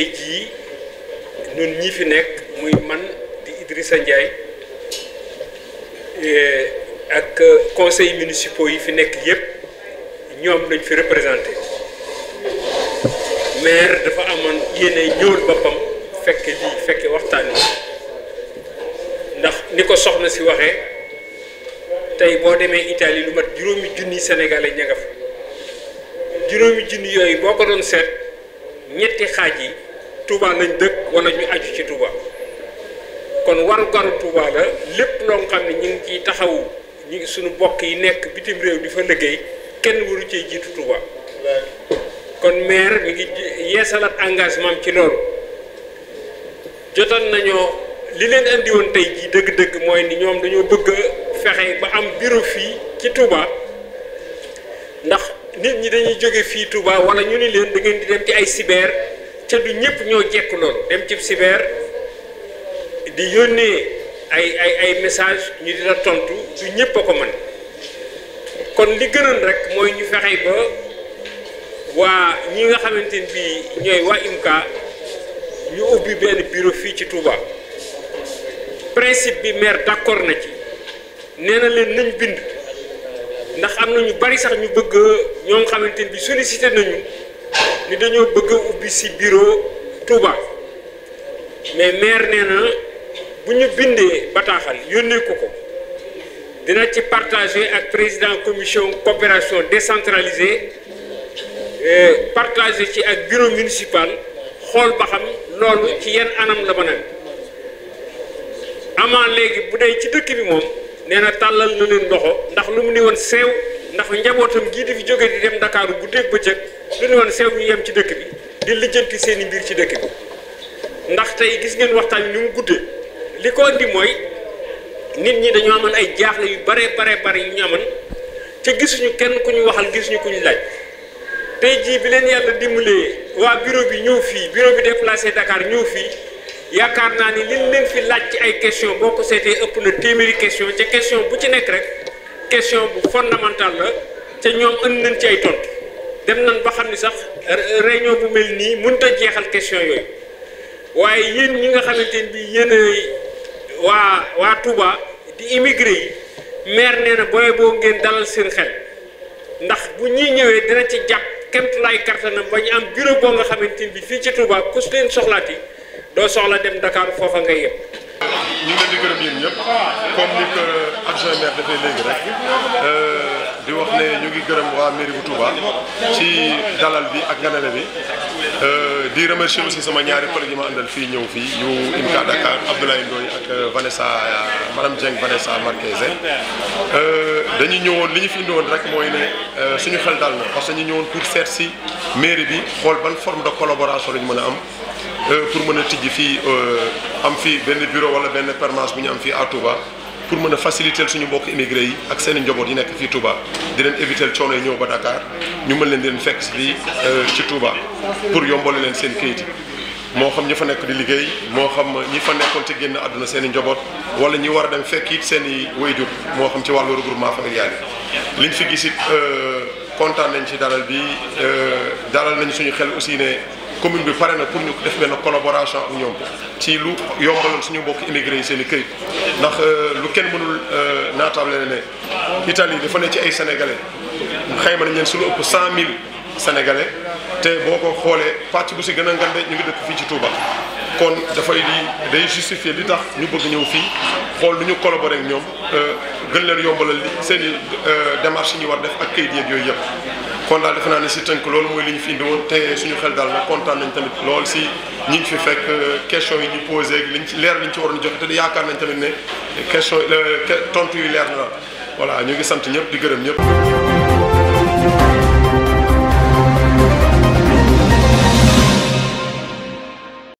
tey jii ñun ñi fi nekk muy man di Idrissa Ndiaye eh, ak conseil municipaux yi fi nekk yépp ñoom lañ fi représenté maire dafa amoon yéene ñëwul boppam fekke lii fekke waxtaan wi ndax ni ko soxna si waxee tey boo demee Italie lu mat juróomi junni sénégalais ña juróomi junni yooyu boo ko doon seet ñetti xaaj yi Touba lañ dëkk wala ñu aju ci tubaa kon warugaru Touba la lépp loo xam ne ñu ngi ciy taxawu ñu ngi suñu bokk yi nekk bitim réew di fa liggéey kenn waru cee jiitu Touba kon maire mi ngi yeesalaat engagement ci loolu jotal nañoo li leen andi tey jii dëgg-dëgg mooy ni ñoom dañoo bëgg fexe ba am bureau fii ci Touba ndax nit ñi dañuy jóge fii Touba wala ñu ni leen da ngeen di dem ci ay cyber. te du ñëpp ñoo jekk loolu dem ci cyber di yónnee ay ay ay message ñu dina tontu du ñëpp a ko mën kon li gënoon rek mooy ñu fexe ba waa ñi nga xamante ni bii ñooy waa IMCA ñu ubbi benn bureau fii ci Touba principe bi maire d'accord na ci nee na leen nañ bind ndax am na ñu bari sax ñu bëgg ñoo nga xamante ni bi sollicité nañu. ni dañoo bëgg ubbi si bureau Touba mais maire nee bu ñu bindee bataaxal yónnee ko ko dina ci partager ak président commission coopération décentralisée euh, partager ci ak bureau municipal xool ba xam loolu ci yenn anam la mën a amaa léegi bu dee ci dëkk bi moom nee na tàllal na leen doxo ndax lu mu ni woon seew ndax njabootam gii di fi jóge di dem Ndakaaru guddeeg bëccëg lu ne woon sew ñu yem ci dëkk bi di lijjanti seen i mbir ci dëkk bi ndax tey gis ngeen waxtaan wi ni mu guddee li ko indi mooy nit ñi dañoo amoon ay jaaxle yu bare bare bare yu ñu amoon te gisuñu kenn ku ñu waxal gisuñu ku ñu laaj tey jii bi leen yàlla dimbalee waa bureau bi ñëw fii bureau bi déplacé Dakar ñëw fii yaakaar naa ni liñ leen fi laaj ci ay question boo ko seetee ëpp na téeméeri question ca question bu ci nekk rek question bu fondamentale la te ñoom ënd nañ ci ay tontu dem nañ ba xam ni sax réunion bu mel nii mënut a jeexal question yooyu waaye yéen ñi nga xamante ni bii yéen waa waa Touba di immigré yi maire nee na boo ngeen dalal seen xel ñuy ñëwee dina ci jàpp kemt lay kartanam ba ñu am bureau nga xamante ni bi fii ci Touba ku leen soxlaati doo soxla dem Dakar foofa ngay yëpp ñu ngi di gërëm yéen ñëpp comme ni ko adjoint maire dafay léegi rek euh, di wax ne ñu ngi gërëm waa mairie bu Touba ci dalal bi ak ganale bi euh, di remercier si sama ñaari collègues yi ma àndal fii ñëw fii yu IMCA Dakar Abdoulaye Ndoye ak euh, Vanessa madame Dieng Vanessa Marquez dañu ñëwoon li ñu fi indi rek mooy ne suñu xel dal na parce que ñu ñëwoon pour seet si mairie bi xool ban forme de collaboration la mën a am Euh, pour mën a tijji fii euh, am fi benn bureau wala benn permanence bu ñu am fi à Touba pour mën a faciliter suñu mbokk immigré yi ak seen i njaboot yi nekk fii Touba di leen éviter coono yi ñëw ba dakaar ñu mën leen di leen fekk fii euh, ci Touba pour yombale leen seen kayit moo xam ñi fa nekk di liggéey moo xam ñi fa nekkoon ci génn àdduna seen i njaboot wala ñi war a dem fekk it seeni i wayjur moo xam ci wàllu regroupement familial yi liñ fi gis it kontaan nañ ci dala bi dalal nañ suñu xel aussi commune bi pare na pour ñu def benn collaboration ak ñoom ci lu yombaloon suñu mbokk immigré yi seen i këyit ndax euh, lu kenn mënul euh, naataable ne ne Italie dafa ne ci ay sénégalais xayma nañ leen su lu ëpp cent mille sénégalais te boo ko xoolee pàcc bu si gën a ngande ñu ngi dëkk fii ci Touba. kon dafay di day justifier li tax ñu bëgg ñëw fii xool lu ñu collaborer ak ñoom euh, gën leen yombalal li seen i démarches yi ñu war def ak këyit yooyu yëpp. kon daal naa ne si tënk loolu mooy li ñu fi indi te suñu xel daal nag kontaan nañ tamit lool si ñi ngi fi fekk euh, question yi ñu posé ak liñ ci leer liñ ci waroon a joxe te yaakaar nañ tamit ne question euh, tontu yi leer na la voilà ñu ngi sant ñëpp di gërëm ñëpp.